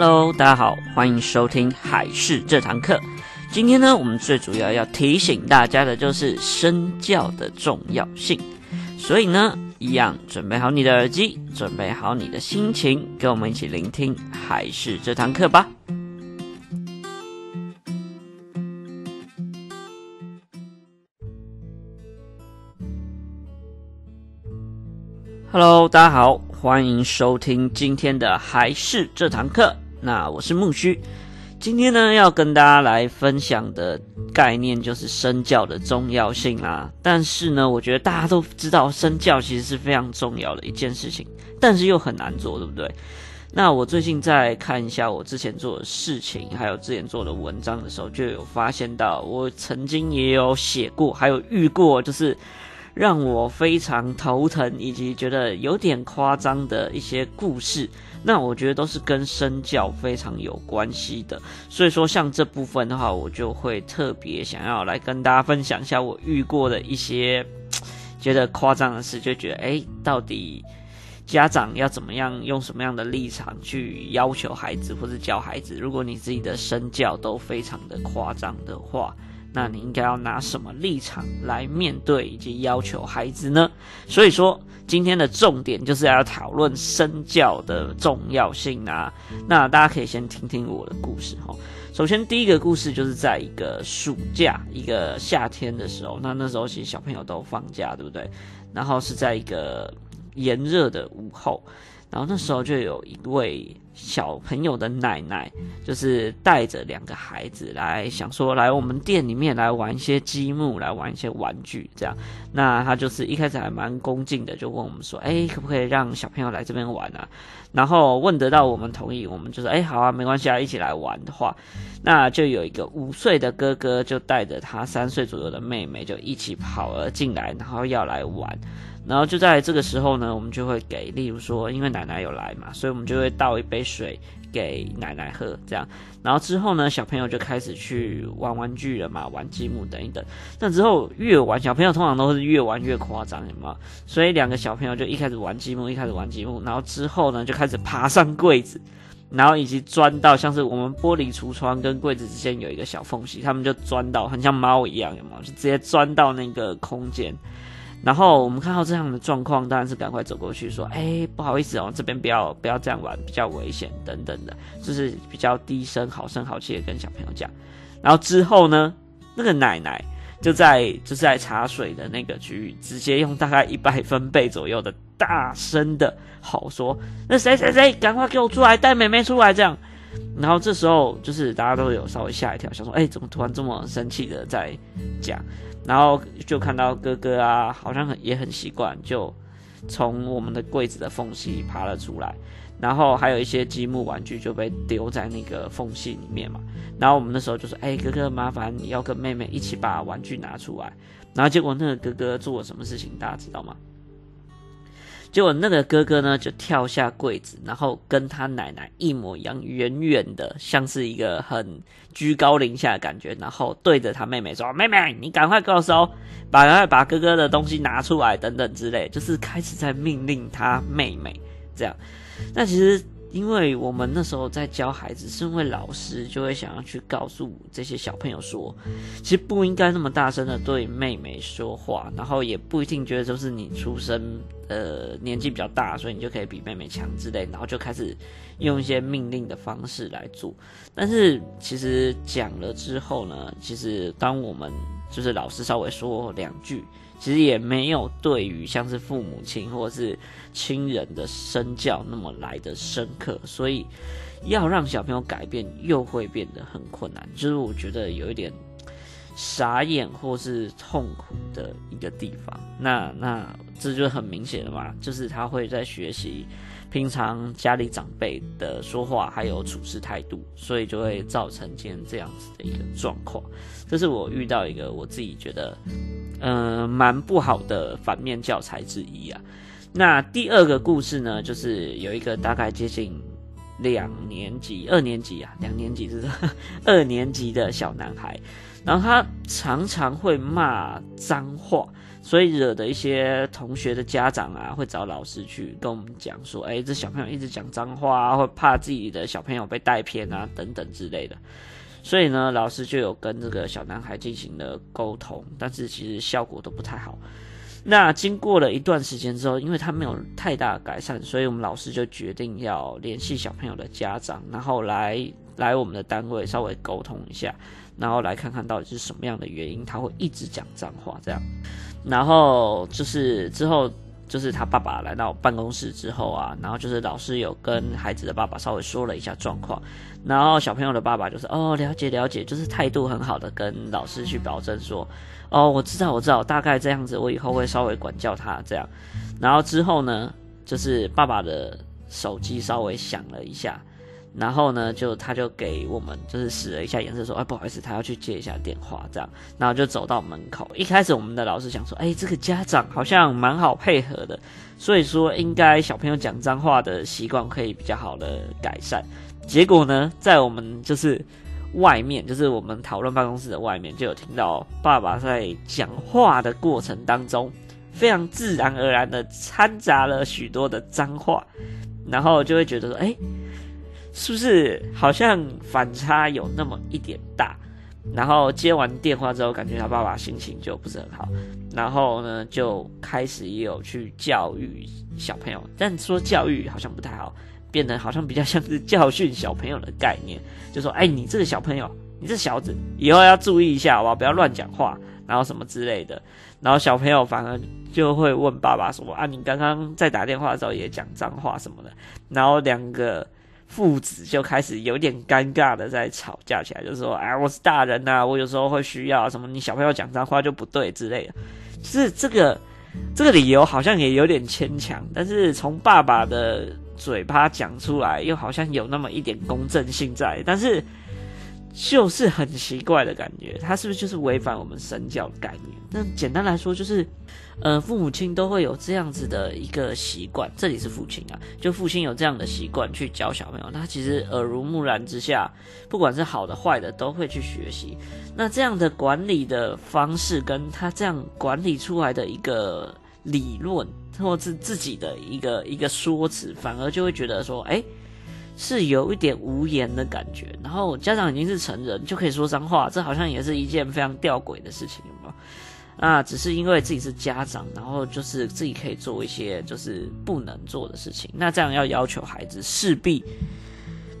Hello，大家好，歡迎收聽《孩事》這堂課。今天呢，我們最主要要提醒大家的就是身教的重要性。所以呢，一樣準備好你的耳機，準備好你的心情，跟我們一起聆聽《孩事》這堂課吧。Hello，大家好，歡迎收聽今天的《孩事》這堂課。那我是木須，今天呢要跟大家來分享的概念就是身教的重要性啦、啊。但是呢，我覺得大家都知道，身教其實是非常重要的一件事情，但是又很難做，對不對？那我最近在看一下我之前做的事情，還有之前做的文章的時候，就有發現到，我曾經也有寫過，還有遇過，就是。讓我非常頭疼，以及覺得有點誇張的一些故事，那我覺得都是跟身教非常有關係的。所以說，像這部分的話，我就會特別想要來跟大家分享一下我遇過的一些覺得誇張的事，就覺得，欸，到底家長要怎麼樣用什麼樣的立場去要求孩子，或是教孩子？如果你自己的身教都非常的誇張的話。那你應該要拿什麼立場來面對以及要求孩子呢？所以說今天的重點就是要討論身教的重要性啊。那大家可以先聽聽我的故事齁。首先第一個故事就是在一個暑假、一個夏天的時候，那那時候其實小朋友都放假，對不對？然後是在一個炎熱的午後，然後那時候就有一位，小朋友的奶奶就是帶着兩個孩子來，想說來我們店裡面來玩一些積木，來玩一些玩具這樣。那他就是一開始還蠻恭敬的，就問我們說，哎、欸，可不可以讓小朋友來這邊玩啊？然後問得到我們同意，我們就說，哎、欸，好啊，沒關係啊，一起來玩的話，那就有一個五歲的哥哥就帶着他三歲左右的妹妹就一起跑了進來，然後要來玩。然後就在這個時候呢，我們就會給，例如說，因為奶奶有來嘛，所以我們就會倒一杯。水給奶奶喝，這樣，然後之後呢，小朋友就開始去玩玩具了嘛，玩積木等一等。那之後越玩，小朋友通常都是越玩越誇張，有沒有？所以兩個小朋友就一開始玩積木，一開始玩積木，然後之後呢，就開始爬上櫃子，然後以及鑽到像是我們玻璃櫥窗跟櫃子之間有一個小縫隙，他們就鑽到，很像貓一樣，有沒有？就直接鑽到那個空間。然後我們看到這樣的狀況，當然是趕快走過去說：“哎，不好意思哦，這邊不要不要這樣玩，比較危險等等的，就是比較低聲好聲好氣的跟小朋友講。”然後之後呢，那個奶奶就在就是在茶水的那個區域，直接用大概一百分貝左右的大聲的吼說：“那誰誰誰，趕快給我出來，帶妹妹出來！”這樣。然後這時候就是大家都有稍微嚇一跳，想說：“哎，怎麼突然這麼生氣的在講？”然後就看到哥哥啊，好像很也很習慣，就從我們的櫃子的縫隙爬了出來，然後還有一些積木玩具就被丟在那個縫隙裡面嘛。然後我們那時候就說：“哎，哥哥，麻煩你要跟妹妹一起把玩具拿出來。”然後結果那個哥哥做了什麼事情，大家知道嗎？結果那個哥哥呢，就跳下櫃子，然後跟他奶奶一模一樣，遠遠的，像是一個很居高臨下的感覺，然後對着他妹妹說：“妹妹，你趕快給我收，趕快把哥哥的東西拿出來，等等之類，就是開始在命令他妹妹這樣。那其實……因為我們那時候在教孩子，是因為老師就會想要去告訴這些小朋友說，其實不應該那麼大聲的對妹妹說話，然後也不一定覺得就是你出生，呃，年紀比較大，所以你就可以比妹妹強之類，然後就開始用一些命令的方式來做。但是其實講了之後呢，其實當我們。就是老師稍微說兩句，其實也沒有對於像是父母親或是親人的身教那麼來得深刻，所以要讓小朋友改變又會變得很困難。就是我覺得有一點。傻眼或是痛苦的一個地方，那那這就很明顯了嘛，就是他會在學習平常家裡長輩的說話，還有處事態度，所以就會造成今天這樣子的一個狀況。這是我遇到一個我自己覺得嗯蠻、呃、不好的反面教材之一啊。那第二個故事呢，就是有一個大概接近兩年級、二年級啊，兩年級是，是 二年級的小男孩。然後他常常會罵髒話，所以惹得一些同學的家長啊，會找老師去跟我們講說，哎，這小朋友一直講髒話，會怕自己的小朋友被帶偏啊，等等之類的。所以呢，老師就有跟這個小男孩進行了溝通，但是其實效果都不太好。那經過了一段時間之後，因為他沒有太大改善，所以我們老師就決定要聯繫小朋友的家長，然後來。來我們的單位稍微溝通一下，然後來看看到底是什麼樣的原因他會一直講髒話這樣，然後就是之後就是他爸爸來到辦公室之後啊，然後就是老師有跟孩子的爸爸稍微說了一下狀況，然後小朋友的爸爸就是哦，了解了解，就是態度很好的跟老師去保證說，哦，我知道我知道，我大概這樣子，我以後會稍微管教他這樣，然後之後呢，就是爸爸的手機稍微響了一下。然後呢，就他就給我們就是使了一下顏色，說：“哎，不好意思，他要去接一下電話。”這樣，然後就走到門口。一開始，我們的老師想說：“哎，這個家長好像蠻好配合的，所以說應該小朋友講髒話的習慣可以比較好的改善。”結果呢，在我們就是外面，就是我們討論辦公室的外面，就有聽到爸爸在講話的過程當中，非常自然而然的摻雜了許多的髒話，然後就會覺得說：“哎。”是不是，好像反差有那麼一點大？然後接完電話之後，感覺他爸爸心情就不是很好。然後呢，就開始也有去教育小朋友，但說教育好像不太好，變得好像比較像是教訓小朋友的概念，就說：“哎、欸，你這個小朋友，你這個小子，以後要注意一下哇，好不好，不要亂講話，然後什麼之類的。”然後小朋友反而就會問爸爸說：“啊，你剛剛在打電話的時候也講髒話什麼的？”然後兩個。父子就開始有點尷尬的在吵架起來，就說：“哎，我是大人啊，我有時候會需要什麼，你小朋友講髒話就不對之類的。”就是這個這個理由好像也有點牽強，但是從爸爸的嘴巴講出來，又好像有那麼一點公正性在，但是就是很奇怪的感覺，他是不是就是違反我們身教概念？那簡單來說，就是，呃，父母親都會有這樣子的一個習慣。這裡是父親啊，就父親有這樣的習慣去教小朋友，他其實耳濡目染之下，不管是好的壞的，都會去學習。那這樣的管理的方式，跟他這樣管理出來的一個理論，或是自己的一個一個說辭，反而就會覺得說，哎、欸。是有一點無言的感覺，然後家長已經是成人，就可以說髒話，這好像也是一件非常吊詭的事情，有沒有？啊，只是因為自己是家長，然後就是自己可以做一些就是不能做的事情，那這樣要要求孩子，勢必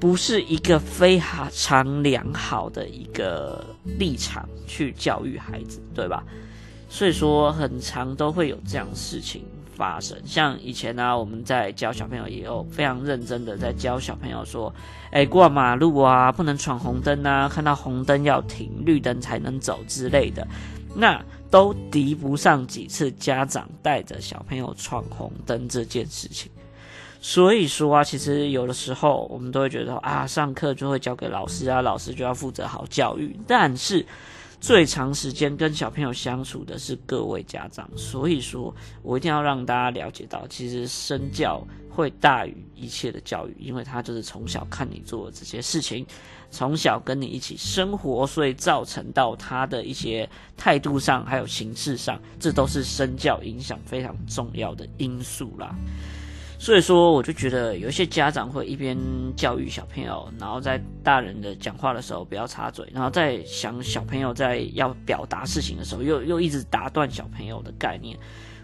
不是一個非常良好的一個立場去教育孩子，對吧？所以說，很常都會有這樣的事情。發生。像以前呢、啊，我們在教小朋友，也有非常認真的在教小朋友說，哎、欸，過馬路啊，不能闖紅燈啊，看到紅燈要停，綠燈才能走之類的，那都敵不上幾次家長帶着小朋友闖紅燈這件事情。所以說啊，其實有的時候我們都會覺得說啊，上課就會教給老師啊，老師就要負責好教育，但是。最長時間跟小朋友相處的是各位家長，所以說，我一定要讓大家了解到，其實身教會大於一切的教育，因為他就是從小看你做這些事情，從小跟你一起生活，所以造成到他的一些態度上，還有形式上，這都是身教影響非常重要的因素啦。所以說，我就覺得有一些家長會一邊教育小朋友，然後在大人的講話的時候不要插嘴，然後再想小朋友在要表達事情的時候又，又又一直打斷小朋友的概念，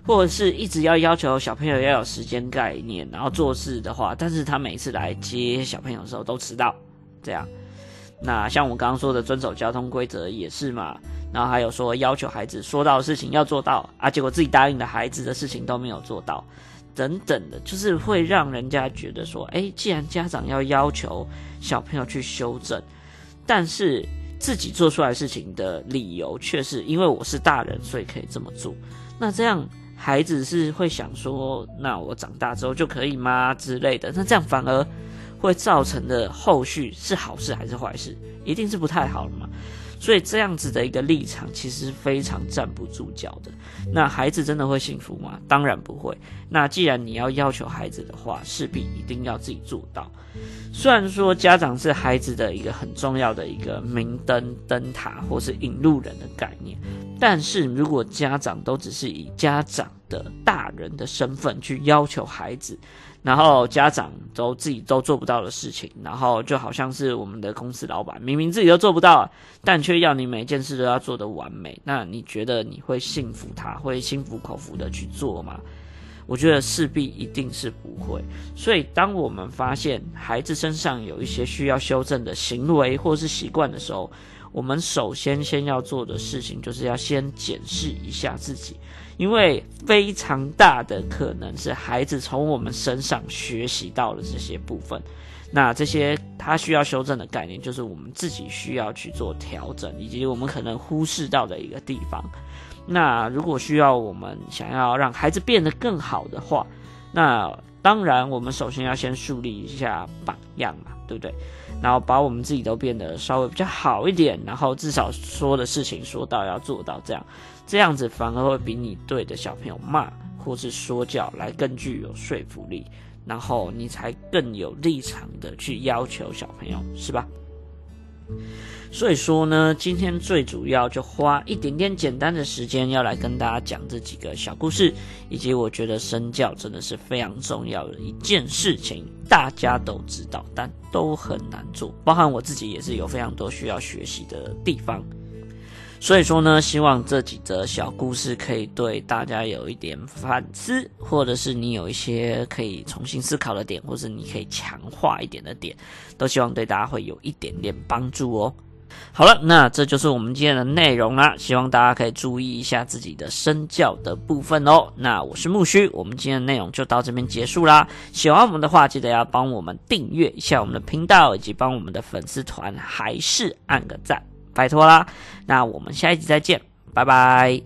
或者是一直要要求小朋友要有時間概念，然後做事的話，但是他每次來接小朋友的時候都遲到，這樣。那像我剛剛說的，遵守交通規則也是嘛，然後還有說要求孩子說到的事情要做到，啊，結果自己答應的孩子的事情都沒有做到。等等的，就是會讓人家覺得說，哎、欸，既然家長要要求小朋友去修正，但是自己做出來的事情的理由卻是因為我是大人，所以可以這麼做。那這樣孩子是會想說，那我長大之後就可以嗎？之類的。那這樣反而會造成的後續是好事還是壞事，一定是不太好了嘛。所以這樣子的一個立場其實非常站不住腳的。那孩子真的會幸福嗎？當然不會。那既然你要要求孩子的話，勢必一定要自己做到。雖然說家長是孩子的一個很重要的一個明燈、燈塔，或是引路人的概念，但是如果家長都只是以家長，的大人的身份去要求孩子，然後家長都自己都做不到的事情，然後就好像是我們的公司老板，明明自己都做不到，但卻要你每件事都要做得完美，那你覺得你會信服他，會心服口服的去做嗎？我覺得勢必一定是不會。所以，當我們發現孩子身上有一些需要修正的行為或是習慣的時候，我們首先先要做的事情，就是要先檢視一下自己，因為非常大的可能是孩子從我們身上學習到了這些部分。那這些他需要修正的概念，就是我們自己需要去做調整，以及我們可能忽視到的一個地方。那如果需要我們想要讓孩子變得更好的話，那當然我們首先要先樹立一下榜樣嘛，對不對？然後把我們自己都變得稍微比較好一點，然後至少說的事情說到要做到，這樣這樣子反而會比你對着小朋友罵或是說教來更具有說服力，然後你才更有立場地去要求小朋友，是吧？所以說呢，今天最主要就花一點點簡單的時間，要來跟大家講這幾個小故事，以及我覺得身教真的是非常重要的一件事情。大家都知道，但都很難做，包含我自己也是有非常多需要學習的地方。所以說呢，希望這幾則小故事可以對大家有一點反思，或者是你有一些可以重新思考的點，或者你可以強化一點的點，都希望對大家會有一點點幫助哦。好了，那這就是我們今天的內容啦，希望大家可以注意一下自己的身教的部分哦。那我是木鬚，我們今天的內容就到這邊結束啦。喜歡我們的話，記得要幫我們訂閱一下我們的頻道，以及幫我們的粉絲團還是按個讚，拜托啦。那我們下一集再見，拜拜。